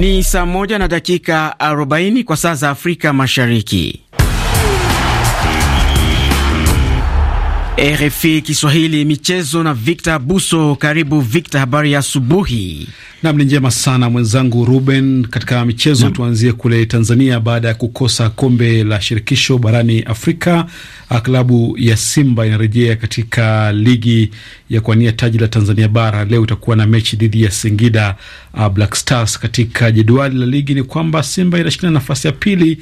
Ni saa moja na dakika 40 kwa saa za Afrika Mashariki. RFI Kiswahili michezo na Victor Buso. Karibu Victor, habari ya asubuhi. Nam, ni njema sana mwenzangu Ruben. Katika michezo Nam. tuanzie kule Tanzania baada ya kukosa kombe la shirikisho barani Afrika, ah, klabu ya Simba inarejea katika ligi ya kuania taji la Tanzania bara. Leo itakuwa na mechi dhidi ya Singida uh, Black Stars. Katika jedwali la ligi ni kwamba Simba inashikilia nafasi ya pili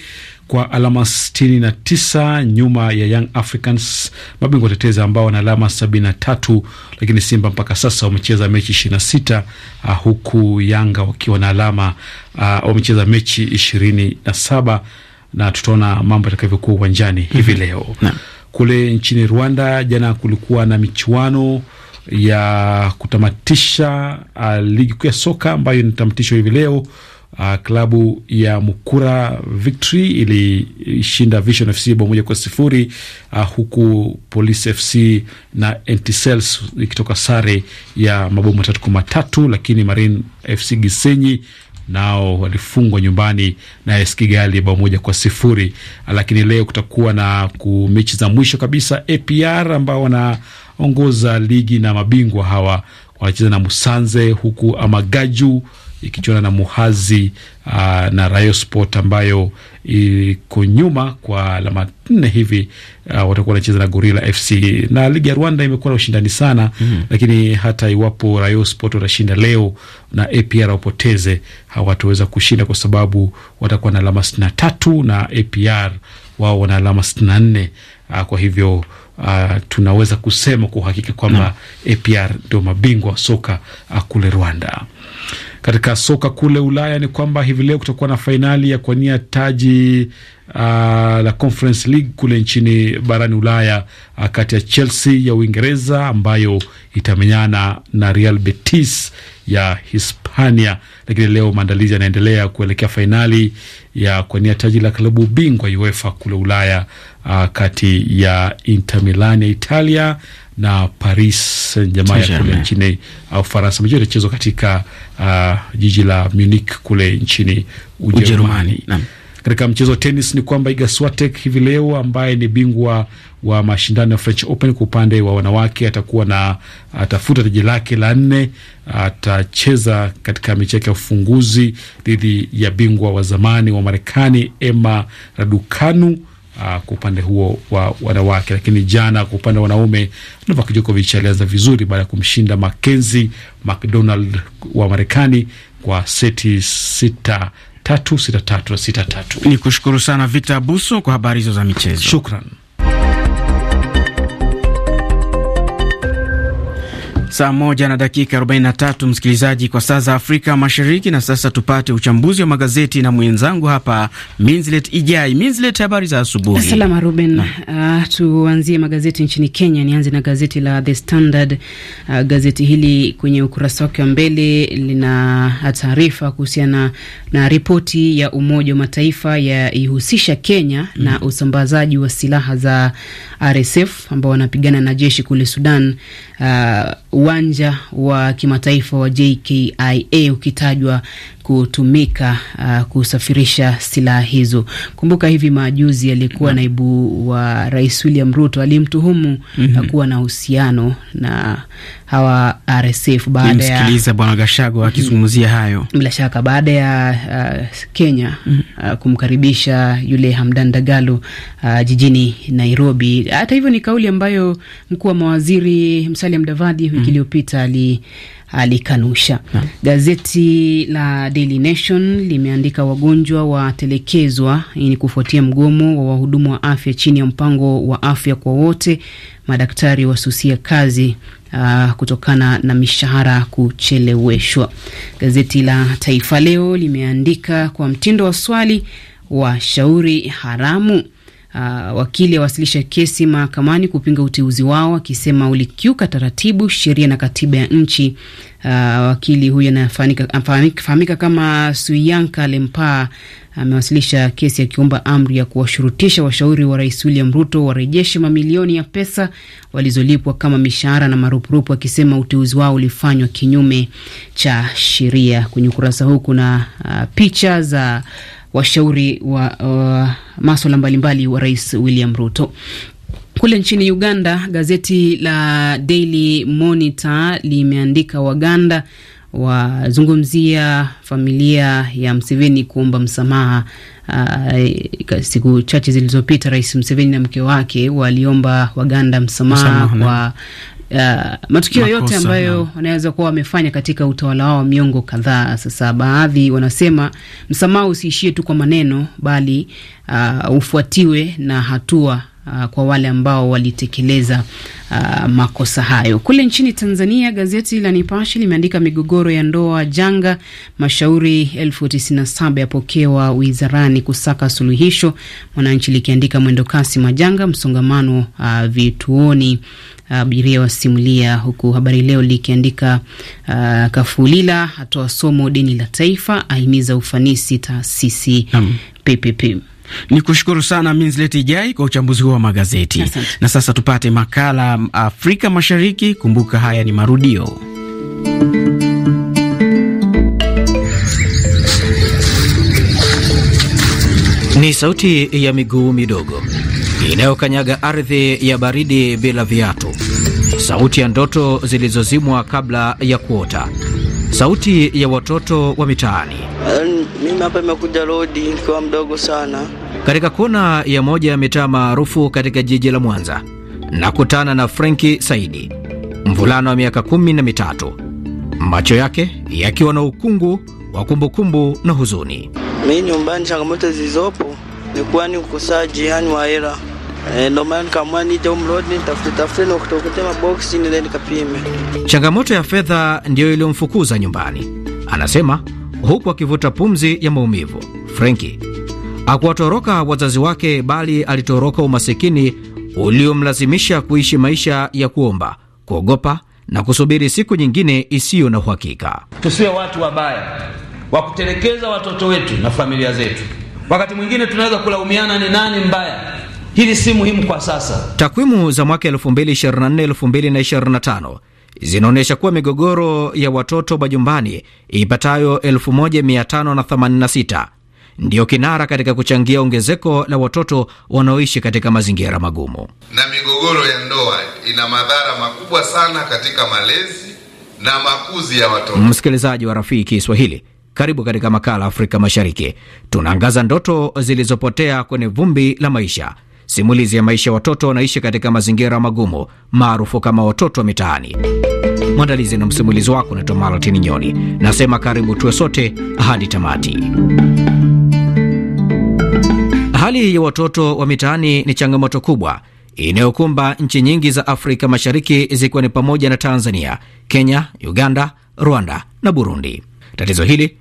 kwa alama 69 nyuma ya Young Africans, mabingwa tetezi ambao wana alama 73. Lakini Simba mpaka sasa wamecheza mechi 26, uh, ah, huku Yanga wakiwa na alama uh, wamecheza mechi 27 na tutaona mambo yatakavyokuwa uwanjani mhm. hivi leo na. Kule nchini Rwanda jana kulikuwa na michuano ya kutamatisha uh, ligi kuu ya soka ambayo inatamatishwa hivi leo Uh, klabu ya Mukura Victory ilishinda Vision FC bao moja kwa sifuri uh, huku Police FC na Etincelles ikitoka sare ya mabao matatu kwa matatu, lakini Marine FC Gisenyi nao walifungwa nyumbani na AS Kigali bao moja kwa sifuri. Ah, lakini leo kutakuwa na mechi za mwisho kabisa. APR ambao wanaongoza ligi na mabingwa hawa wanacheza na Musanze, huku Amagaju ikichuana na Muhazi uh, na Rayo Sport ambayo iko nyuma kwa alama nne hivi. Uh, watakuwa wanacheza na Gorilla FC na ligi ya Rwanda imekuwa na ushindani sana mm. Lakini hata iwapo Rayo Sport watashinda leo na APR wapoteze, hawataweza kushinda kwa sababu watakuwa na alama sitini na tatu na APR wao wana alama sitini na nne. Uh, kwa hivyo Uh, tunaweza kusema kwa uhakika kwamba hmm. APR ndio mabingwa wa soka uh, kule Rwanda. Katika soka kule Ulaya ni kwamba hivi leo kutakuwa na fainali ya kuwania taji uh, la Conference League kule nchini barani Ulaya uh, kati ya Chelsea ya Uingereza ambayo itamenyana na Real Betis ya Hispania. Lakini leo maandalizi yanaendelea kuelekea fainali ya kuwania taji la klabu bingwa UEFA kule Ulaya uh, kati ya Inter Milan ya Italia na Paris jamaa ya kule nchini Ufaransa. Mechi itachezwa katika uh, jiji la Munich kule nchini Ujerumani. Katika mchezo wa tenis ni kwamba Iga Swiatek hivi leo ambaye ni bingwa wa mashindano ya French Open kwa upande wa wanawake atakuwa na atafuta taji lake la nne. Atacheza katika mechi yake ya ufunguzi dhidi ya bingwa wa zamani wa Marekani Emma Raducanu Ah, kwa upande huo wa wanawake. Lakini jana kwa upande wa wanaume, Novak Djokovic alianza vizuri baada ya kumshinda Mackenzie McDonald wa Marekani kwa seti sita tatu sita tatu sita tatu. Ni kushukuru sana Victor Abuso kwa habari hizo za michezo, shukran. Saa moja na dakika 43 msikilizaji, kwa saa za Afrika Mashariki. Na sasa tupate uchambuzi wa magazeti na mwenzangu hapa Minslet Ijai. Minslet, habari za asubuhi. Salama Ruben. Uh, tuanzie magazeti nchini Kenya. Nianze na gazeti la The Standard. Uh, gazeti hili kwenye ukurasa wake wa mbele lina taarifa kuhusiana na, na ripoti ya Umoja wa Mataifa yaihusisha Kenya mm, na usambazaji wa silaha za RSF ambao wanapigana na jeshi kule Sudan. Uh, uwanja uh, wa kimataifa wa JKIA ukitajwa kutumika uh, kusafirisha silaha hizo. Kumbuka hivi majuzi aliyekuwa naibu wa rais William Ruto alimtuhumu mm -hmm. kuwa na uhusiano na hawa RSF baada ya msikiliza bwana Gashago akizungumzia mhm. hayo, bila shaka baada ya uh, Kenya mm -hmm. uh, kumkaribisha yule Hamdan Dagalo uh, jijini Nairobi. Hata hivyo ni kauli ambayo mkuu wa mawaziri Musalia Mudavadi wiki mhm. iliyopita mm -hmm. ali alikanusha. gazeti la Daily Nation limeandika wagonjwa watelekezwa, hii ni kufuatia mgomo wa wahudumu wa afya chini ya mpango wa afya kwa wote. Madaktari wasusia kazi uh, kutokana na mishahara kucheleweshwa. Gazeti la Taifa Leo limeandika kwa mtindo wa swali, washauri haramu Uh, wakili awasilisha kesi mahakamani kupinga uteuzi wao akisema ulikiuka taratibu, sheria na katiba ya nchi. Uh, wakili huyo anafahamika kama Suyanka Lempa amewasilisha kesi akiomba amri ya kuwashurutisha washauri wa Rais William Ruto warejeshe mamilioni ya pesa walizolipwa kama mishahara na marupurupu, akisema uteuzi wao ulifanywa kinyume cha sheria. Kwenye ukurasa huu kuna uh, picha za uh, washauri wa, wa maswala mbalimbali wa Rais William Ruto. Kule nchini Uganda, gazeti la Daily Monitor limeandika Waganda wazungumzia familia ya Mseveni kuomba msamaha. Uh, siku chache zilizopita Rais Mseveni na mke wake waliomba Waganda msamaha kwa uh, matukio Makosa, yote ambayo wanaweza kuwa wamefanya katika utawala wao wa miongo kadhaa. Sasa baadhi wanasema msamaha usiishie tu kwa maneno, bali uh, ufuatiwe na hatua uh, kwa wale ambao walitekeleza uh, makosa hayo. Kule nchini Tanzania, gazeti la Nipashe limeandika migogoro ya ndoa janga, mashauri elfu tisini na saba yapokewa wizarani kusaka suluhisho. Mwananchi likiandika mwendokasi majanga, msongamano uh, vituoni abiria wasimulia, huku Habari Leo likiandika uh, Kafulila atoa somo deni la taifa, ahimiza ufanisi taasisi PPP. Ni kushukuru sana Minslet Ijai kwa uchambuzi huo wa magazeti. Asante. Na sasa tupate makala Afrika Mashariki. Kumbuka haya ni marudio. Ni sauti ya miguu midogo inayokanyaga ardhi ya baridi bila viatu, sauti ya ndoto zilizozimwa kabla ya kuota, sauti ya watoto wa mitaani Eh, mimi hapa nimekuja Lodi nikiwa mdogo sana. Katika kona ya moja ya mitaa maarufu katika jiji la Mwanza, nakutana na Frenki Saidi, mvulana wa miaka kumi na mitatu, macho yake yakiwa na ukungu wa kumbukumbu na huzuni. Mi nyumbani, changamoto zilizopo nikuwa ni ukosaji yani wa hela eh, Ndo maana nikaamua nije umrodi nitafute tafute na kutokute maboksi nile nikapime. Changamoto ya fedha ndiyo iliyomfukuza nyumbani, anasema huku akivuta pumzi ya maumivu. Frenki hakuwatoroka wazazi wake, bali alitoroka umasikini uliomlazimisha kuishi maisha ya kuomba, kuogopa na kusubiri siku nyingine isiyo na uhakika. Tusiwe watu wabaya wa kutelekeza watoto wetu na familia zetu. Wakati mwingine tunaweza kulaumiana ni nani mbaya. Hili si muhimu kwa sasa. Takwimu za mwaka 2024-2025 zinaonyesha kuwa migogoro ya watoto majumbani ipatayo 1586 ndiyo kinara katika kuchangia ongezeko la watoto wanaoishi katika mazingira magumu. Na migogoro ya ndoa ina madhara makubwa sana katika malezi na makuzi ya watoto. Msikilizaji wa Rafiki Kiswahili, karibu katika makala Afrika Mashariki. Tunaangaza ndoto zilizopotea kwenye vumbi la maisha simulizi ya maisha ya watoto wanaishi katika mazingira magumu maarufu kama watoto wa mitaani. Mwandalizi na msimulizi wako unaitwa maratini Nyoni, nasema karibu tuwe sote hadi tamati. Hali ya watoto wa mitaani ni changamoto kubwa inayokumba nchi nyingi za Afrika Mashariki, zikiwa ni pamoja na Tanzania, Kenya, Uganda, Rwanda na Burundi. Tatizo hili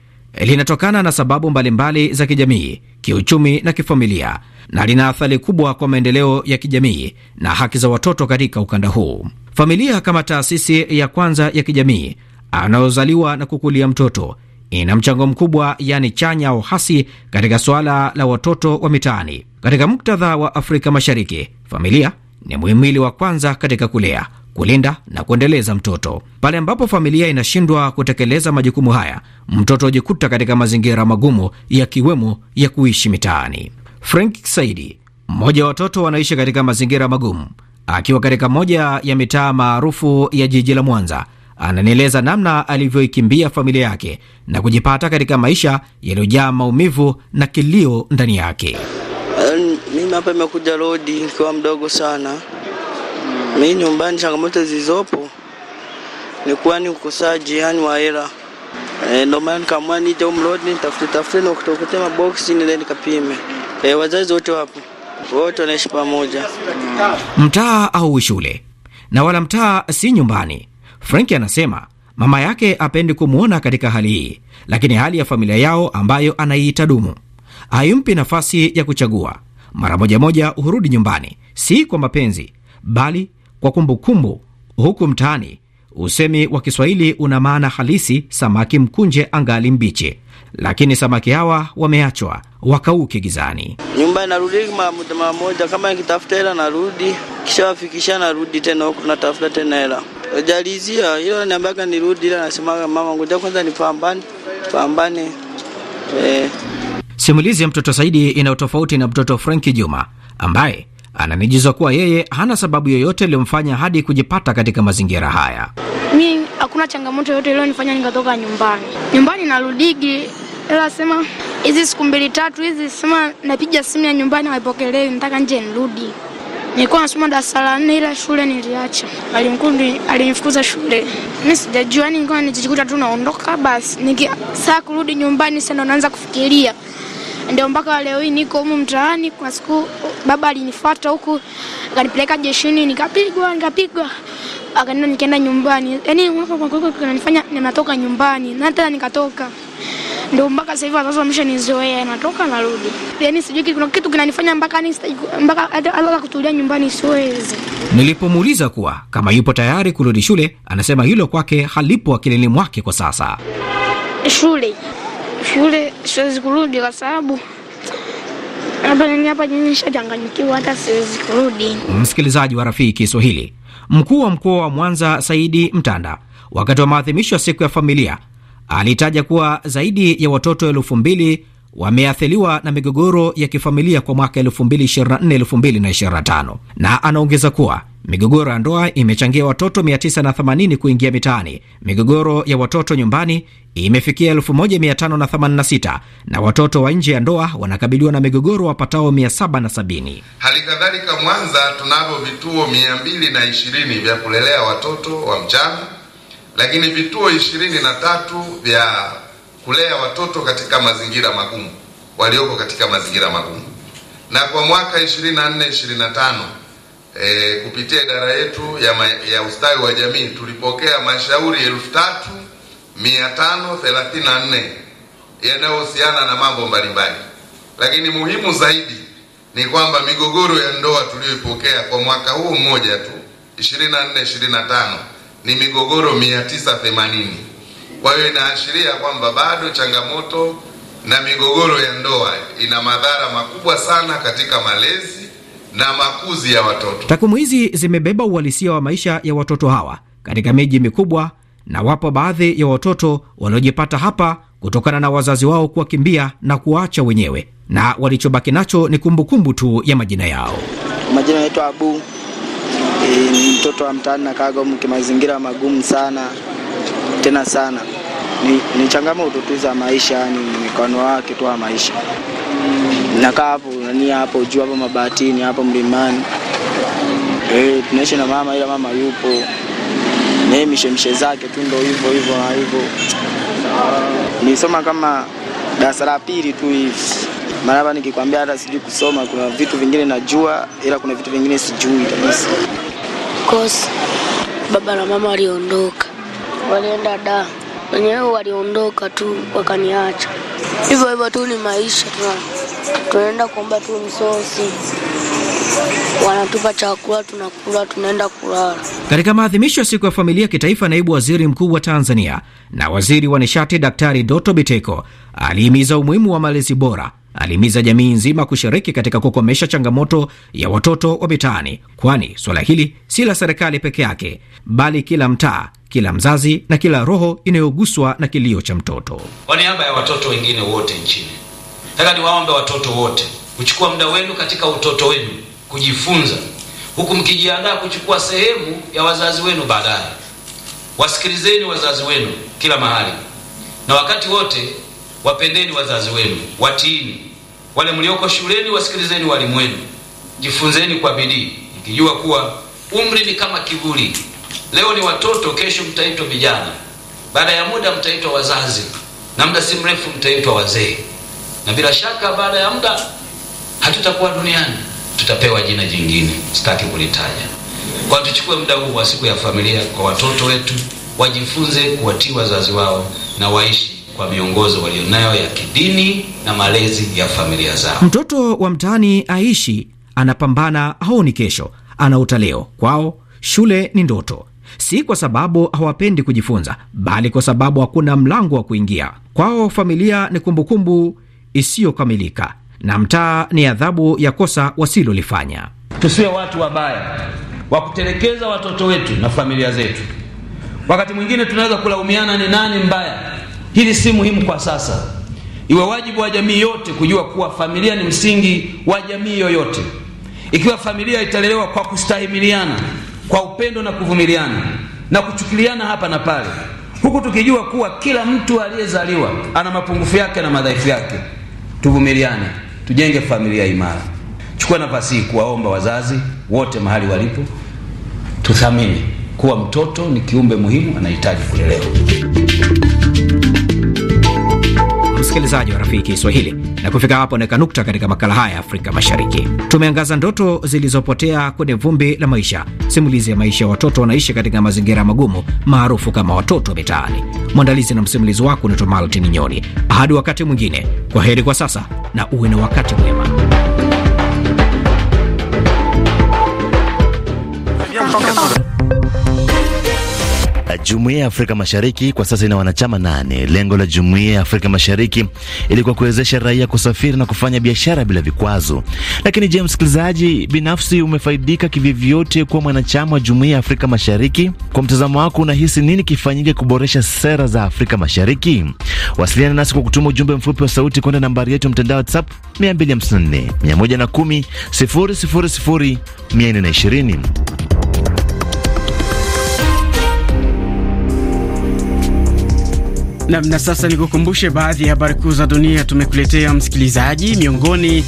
linatokana na sababu mbalimbali za kijamii, kiuchumi na kifamilia, na lina athari kubwa kwa maendeleo ya kijamii na haki za watoto katika ukanda huu. Familia kama taasisi ya kwanza ya kijamii anayozaliwa na kukulia mtoto ina mchango mkubwa, yani chanya au hasi, katika suala la watoto wa mitaani. Katika muktadha wa Afrika Mashariki, familia ni muhimili wa kwanza katika kulea, kulinda na kuendeleza mtoto. Pale ambapo familia inashindwa kutekeleza majukumu haya, mtoto hujikuta katika mazingira magumu, yakiwemo ya kuishi mitaani. Frank Saidi, mmoja wa watoto wanaishi katika mazingira magumu, akiwa katika moja ya mitaa maarufu ya jiji la Mwanza, ananieleza namna alivyoikimbia familia yake na kujipata katika maisha yaliyojaa maumivu na kilio ndani yake. Mimi hapa imekuja rodi nikiwa mdogo sana Mi nyumbani, changamoto zilizopo ni kuwa ni ukosaji yani wa hela e, ndio maana nikamwani niite umrodi nitafute tafute na kutokuta maboksi nile nikapime. E, wazazi wote wapo, wote wanaishi pamoja mtaa au shule na wala mtaa si nyumbani. Frank anasema mama yake apendi kumwona katika hali hii, lakini hali ya familia yao ambayo anaiita dumu haimpi nafasi ya kuchagua. Mara moja moja hurudi nyumbani, si kwa mapenzi, bali kwa kumbukumbu kumbu, huku mtaani usemi wa Kiswahili una maana halisi, samaki mkunje angali mbichi, lakini samaki hawa wameachwa wakauke gizani. Nyumbani narudi muda mmoja, kama nikitafuta hela narudi, kishawafikisha narudi tena huku, tunatafuta tena hela jalizia. ilo niambaga nirudi, ila nasemaga mama, ngoja kwanza nipambane pambane. E. Eh. Simulizi ya mtoto Saidi ina utofauti na mtoto Franki Juma ambaye ananijiza kuwa yeye hana sababu yoyote iliyomfanya hadi kujipata katika mazingira haya. Mi hakuna changamoto yoyote iliyonifanya nikatoka nyumbani. Nyumbani narudigi, ila sema hizi siku mbili tatu hizi, sema napiga simu ya nyumbani haipokelewi, nataka nje nirudi. Nilikuwa nasoma darasa la nne ila shule niliacha. alimkundi alinifukuza shule. Mi sijajua yani nilikuwa nijikuta tu naondoka basi. nikisaa kurudi nyumbani sasa ndo naanza kufikiria ndio mpaka leo hii niko humu mtaani. Kwa siku baba alinifuata huku akanipeleka jeshini, nikapigwa nikapigwa, akaenda nikaenda nyumbani. Yani kananifanya ninatoka nyumbani na tena nikatoka ndio mpaka sasa hivi wazazi wameshanizoea, natoka narudi. Yani sijui kuna kitu kinanifanya mpaka ni mpaka hata kutulia nyumbani siwezi. Nilipomuuliza kuwa kama yupo tayari kurudi shule, anasema hilo kwake halipo akilini mwake kwa sasa. Shule shule siwezi kurudi kwa sababu hapa nini hapa nishachanganyikiwa, hata siwezi kurudi. Msikilizaji wa Rafiki Kiswahili, mkuu wa mkoa wa Mwanza Saidi Mtanda wakati wa maadhimisho ya siku ya familia alitaja kuwa zaidi ya watoto elfu mbili wameathiriwa na migogoro ya kifamilia kwa mwaka 2024-2025 na anaongeza kuwa migogoro ya ndoa imechangia watoto 980 kuingia mitaani. Migogoro ya watoto nyumbani imefikia 1586 na watoto wa nje ya ndoa wanakabiliwa na migogoro wapatao 770. Hali kadhalika, Mwanza tunavyo vituo 220 vya kulelea watoto wa mchana, lakini vituo 23 vya kulea watoto katika mazingira magumu walioko katika mazingira magumu. Na kwa mwaka 24 25 e, kupitia idara yetu ya, ma, ya ustawi wa jamii tulipokea mashauri 3534 yanayohusiana na mambo mbalimbali, lakini muhimu zaidi ni kwamba migogoro ya ndoa tuliyoipokea kwa mwaka huu mmoja tu 24 25 ni migogoro 980. Kwa hiyo inaashiria kwamba bado changamoto na migogoro ya ndoa ina madhara makubwa sana katika malezi na makuzi ya watoto. Takwimu hizi zimebeba uhalisia wa maisha ya watoto hawa katika miji mikubwa, na wapo baadhi ya watoto wanaojipata hapa kutokana na wazazi wao kuwakimbia na kuwaacha wenyewe, na walichobaki nacho ni kumbukumbu tu ya majina yao. Majina naitwa Abu, eh, ni mtoto wa mtaani na kago kimazingira magumu sana tena sana. Ni, ni changamoto tu za maisha, yani mikono wake tu wa maisha. Nakaa hapo nani hapo juu hapo mabatini hapo mlimani. Eh, tunaishi na mama ila mama yupo. Na mishemshe zake tu ndio hivyo hivyo na hivyo. Nisoma kama darasa la pili tu hivi. Mara hapa nikikwambia hata sijui kusoma, kuna vitu vingine najua, ila kuna vitu vingine sijui kabisa. Kosi baba na mama waliondoka walienda da, wenyewe waliondoka tu wakaniacha. Hivyo hivyo tu ni maisha, tunaenda kuomba tu msosi wanatupa chakula tunakula, tunaenda kulala. Katika maadhimisho ya siku ya familia ya kitaifa, naibu waziri mkuu wa Tanzania na waziri wa nishati Daktari Doto Biteko alihimiza umuhimu wa malezi bora. Alihimiza jamii nzima kushiriki katika kukomesha changamoto ya watoto wa mitaani, kwani suala hili si la serikali peke yake, bali kila mtaa kila mzazi na kila roho inayoguswa na kilio cha mtoto. Kwa niaba ya watoto wengine wote nchini, nataka niwaombe watoto wote kuchukua muda wenu katika utoto wenu kujifunza, huku mkijiandaa kuchukua sehemu ya wazazi wenu baadaye. Wasikilizeni wazazi wenu kila mahali na wakati wote, wapendeni wazazi wenu, watiini. Wale mlioko shuleni, wasikilizeni walimu wenu, jifunzeni kwa bidii, nikijua kuwa umri ni kama kivuli Leo ni watoto, kesho mtaitwa vijana, baada ya muda mtaitwa wazazi, na muda si mrefu mtaitwa wazee, na bila shaka baada ya muda hatutakuwa duniani, tutapewa jina jingine, sitaki kulitaja. Kwa tuchukue muda huu wa siku ya familia kwa watoto wetu, wajifunze kuwatii wazazi wao na waishi kwa miongozo walionayo ya kidini na malezi ya familia zao. Mtoto wa mtaani aishi, anapambana, haoni kesho, anaota leo. Kwao shule ni ndoto, si kwa sababu hawapendi kujifunza, bali kwa sababu hakuna mlango wa kuingia. Kwao familia ni kumbukumbu isiyokamilika na mtaa ni adhabu ya kosa wasilolifanya. Tusiwe watu wabaya wa kutelekeza watoto wetu na familia zetu. Wakati mwingine tunaweza kulaumiana ni nani mbaya. Hili si muhimu kwa sasa. Iwe wajibu wa jamii yote kujua kuwa familia ni msingi wa jamii yoyote. Ikiwa familia italelewa kwa kustahimiliana kwa upendo na kuvumiliana na kuchukiliana hapa na pale, huku tukijua kuwa kila mtu aliyezaliwa ana mapungufu yake na madhaifu yake. Tuvumiliane, tujenge familia imara. Chukua nafasi hii kuwaomba wazazi wote mahali walipo, tuthamini kuwa mtoto ni kiumbe muhimu, anahitaji kulelewa msikilizaji wa Rafiki Kiswahili, na kufika hapo naweka nukta katika makala haya ya Afrika Mashariki. Tumeangaza ndoto zilizopotea kwenye vumbi la maisha, simulizi ya maisha ya watoto wanaishi katika mazingira magumu maarufu kama watoto mitaani. Mwandalizi na msimulizi wako unaitwa Maltin Nyoni. Hadi wakati mwingine, kwa heri kwa sasa na uwe na wakati mwema. Jumuiya ya Afrika Mashariki kwa sasa ina wanachama nane. Lengo la Jumuiya ya Afrika Mashariki ilikuwa kuwezesha raia kusafiri na kufanya biashara bila vikwazo. Lakini je, msikilizaji binafsi umefaidika kivyovyote kuwa mwanachama wa Jumuiya ya Afrika Mashariki? Kwa mtazamo wako, unahisi nini kifanyike kuboresha sera za Afrika Mashariki? Wasiliana nasi kwa kutuma ujumbe mfupi wa sauti kwenda nambari yetu mtandao WhatsApp 254 110 000 420. Nam, na sasa nikukumbushe baadhi ya habari kuu za dunia tumekuletea msikilizaji. Miongoni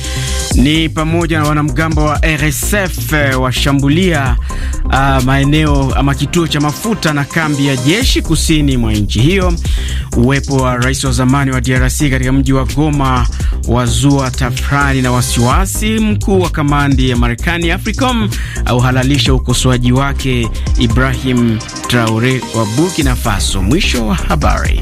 ni pamoja na wanamgambo wa RSF eh, washambulia uh, maeneo ama kituo cha mafuta na kambi ya jeshi kusini mwa nchi hiyo. Uwepo wa rais wa zamani wa DRC katika mji wa Goma wazua tafrani na wasiwasi. Mkuu wa kamandi ya Marekani AFRICOM auhalalisha ukosoaji wake Ibrahim Traore wa Burkina Faso. Mwisho wa habari.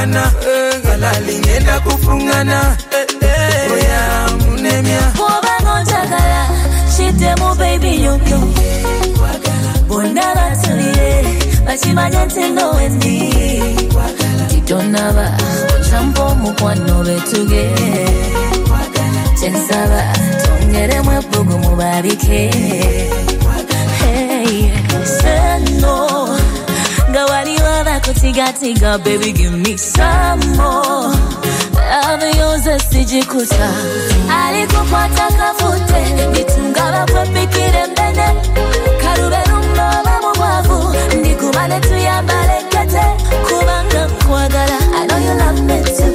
kufungana galali ngenda kufungana oya munemya obangonjagala Shitemu baby yokyo bonna batulire bakimanye nti nowendi titonaba otampa omukwano betuge kyensaba tongeremu ebbugu mubabike hey, hey kutiga tiga, baby, give me some more. Love yours asijikuta, alikupa takafute, nitungaba kwepi kirembene, karubera umloba mu bwavu, ndigumane tuyambalekete, kubanga nkwagala, I know you love me too.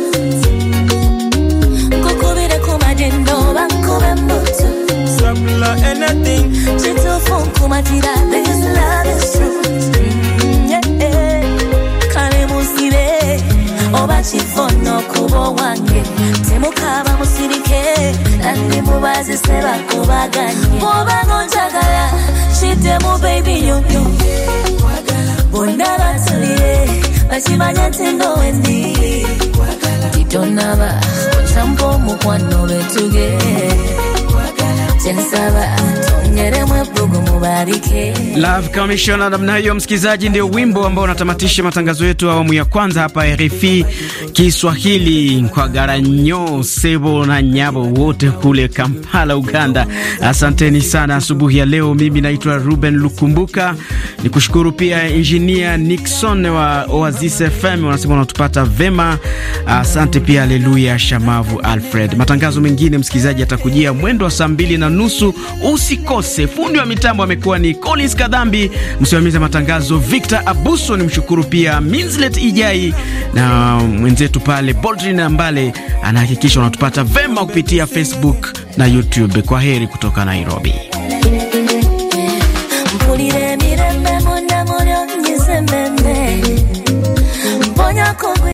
Nkukubire ku magendo, bankube mbutu. Sabula anything, kitufu nkumatira, this love is true. Mm, yeah, yeah oba kifono kuba owange temukaaba musirike andi mubazise bakubaganye bwobanga onjagala kitemu baby yoyo bonna batulire bakimanye nti ndowendi titonaba otampa omukwano lwetuge Love Commissioner namna hiyo, msikilizaji, ndio wimbo ambao unatamatisha matangazo yetu awamu ya kwanza hapa RFI Kiswahili. Kwa Garanyo Sebo na Nyabo wote kule Kampala, Uganda, asanteni sana asubuhi ya leo. Mimi naitwa Ruben Lukumbuka, ni kushukuru pia Engineer Nixon wa Oasis FM, wanasema wanatupata vema, asante pia. Haleluya Shamavu Alfred. Matangazo mengine msikilizaji atakujia mwendo wa saa mbili na nusu. Usikose. Fundi wa mitambo amekuwa ni Collins Kadhambi, msimamizi wa matangazo Victor Abuso. Ni mshukuru pia Minslet Ijai na mwenzetu pale Boldrin Ambale anahakikisha unatupata vema kupitia Facebook na YouTube. Kwa heri kutoka Nairobi.